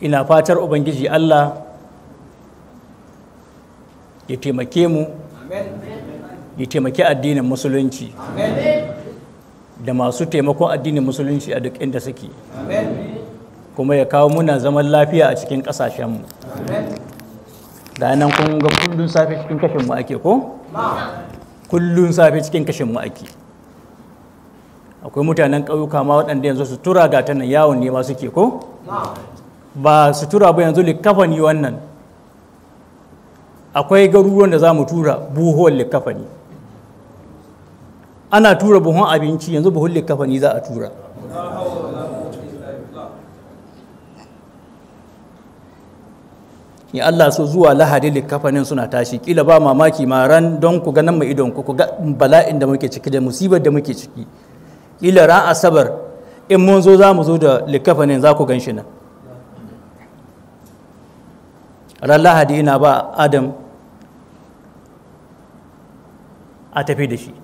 ina fatar ubangiji allah ya taimake mu ya taimake addinin musulunci da masu taimakon addinin musulunci a duk inda suke kuma ya kawo muna zaman lafiya a cikin ƙasashenmu da nan kun ga kullun safe cikin kashinmu ake ko? kullun safe cikin kashinmu ake akwai mutanen ƙauyuka ma waɗanda yanzu su tura ga gatanan yawon nema suke ko? ba su tura ba yanzu likafani wannan akwai garuruwan da za mu tura buhuwan likafani ana tura buhun abinci yanzu buhun likafani za a tura ya Allah so zuwa lahadi likafanin suna tashi kila ba mamaki ma ran don ku ganin mai idon ku ga bala'in da muke ciki da musibar da muke ciki kila ran asabar in mun zo za mu zo da likafanin za ku gan shi nan ran lahadi ina ba adam a tafi da shi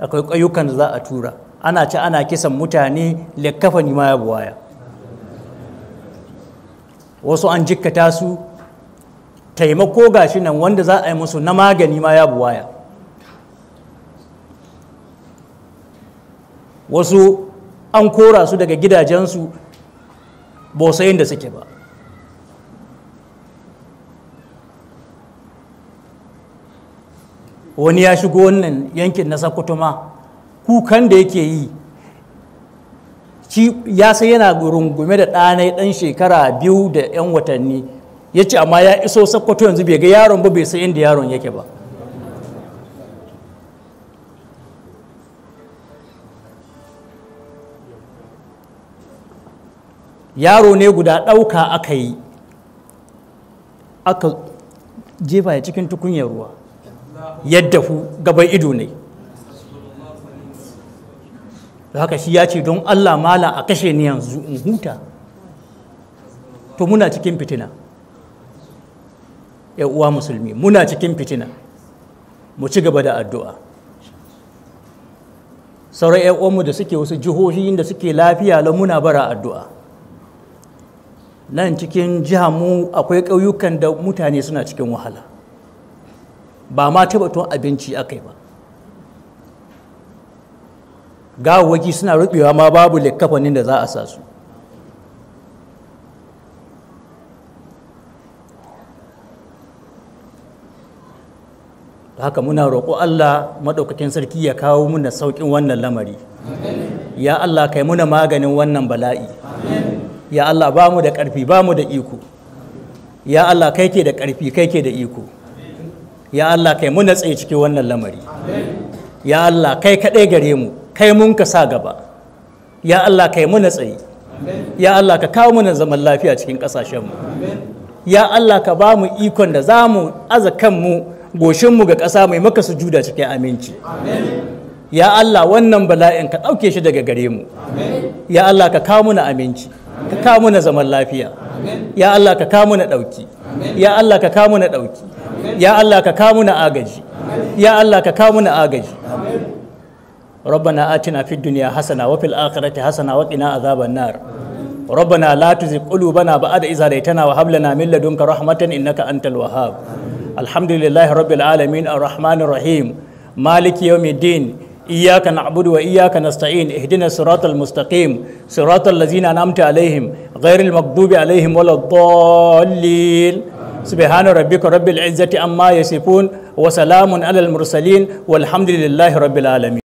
akwai ƙayyukan da za a tura ana ci ana kisan mutane ni ma ya buwaya wasu an jikkata su taimako gashi nan wanda za a yi musu na magani ma ya buwaya wasu an kora su daga gidajensu bosayin da suke ba wani ya shigo wannan yankin na sakkwato ma kukan da yake yi ya sai yana rungume da ɗanai ɗan shekara biyu da 'yan watanni ya ce amma ya iso sakkwato yanzu bai ga yaron ba bai san inda yaron yake ba yaro ne guda ɗauka aka yi aka jefa cikin tukunyar ruwa yadda ku gaban ido ne da haka shi ya ce don allah mala a kashe ni yanzu in huta to muna cikin fitina uwa musulmi muna cikin fitina mu ci gaba da addu'a sauran uwanmu da suke wasu jihohi da suke lafiya la muna bara addu'a nan cikin mu akwai ƙauyukan da mutane suna cikin wahala ba ma tabbatun abinci aka yi ba gawawaki suna rubewa ma babu likkafanin da za a sa su haka muna roƙo Allah maɗaukakin sarki ya kawo muna sauƙin wannan lamari ya Allah kai muna maganin wannan bala'i ya Allah ba mu da ƙarfi ba mu da iko ya Allah kai ke da ƙarfi kai ke da iko ya Allah kai mu natsaye ciki wannan lamari ya Allah kai kaɗai gare mu kai mun ka sa gaba ya Allah kai mu natsaye ya Allah ka kawo mana zaman lafiya cikin ƙasashenmu ya Allah ka ba mu ikon da za mu aza kanmu goshinmu ga ƙasa mai maka sujuda cikin aminci ya Allah wannan bala'in ka ɗauke shi daga gare mu ya Allah ka kawo mana aminci ka kawo mana zaman lafiya ya Allah ka kawo mana ɗauki ya Allah ka kawo mana ɗauki ya Allah ka kamu na agaji ya Allah ka kamu na agaji ربنا آتنا في الدنيا حسنة وفي الآخرة حسنة وقنا عذاب النار ربنا لا تزغ قلوبنا بعد إذ هديتنا وهب لنا من لدنك رحمة إنك أنت الوهاب الحمد لله رب العالمين الرحمن الرحيم مالك يوم الدين إياك نعبد وإياك نستعين اهدنا الصراط المستقيم صراط الذين أنعمت عليهم غير المغضوب عليهم ولا الضالين subhana rabbika rabbil izzati amma yasifun wa salamun alal mursalin walhamdulillahi rabbil alamin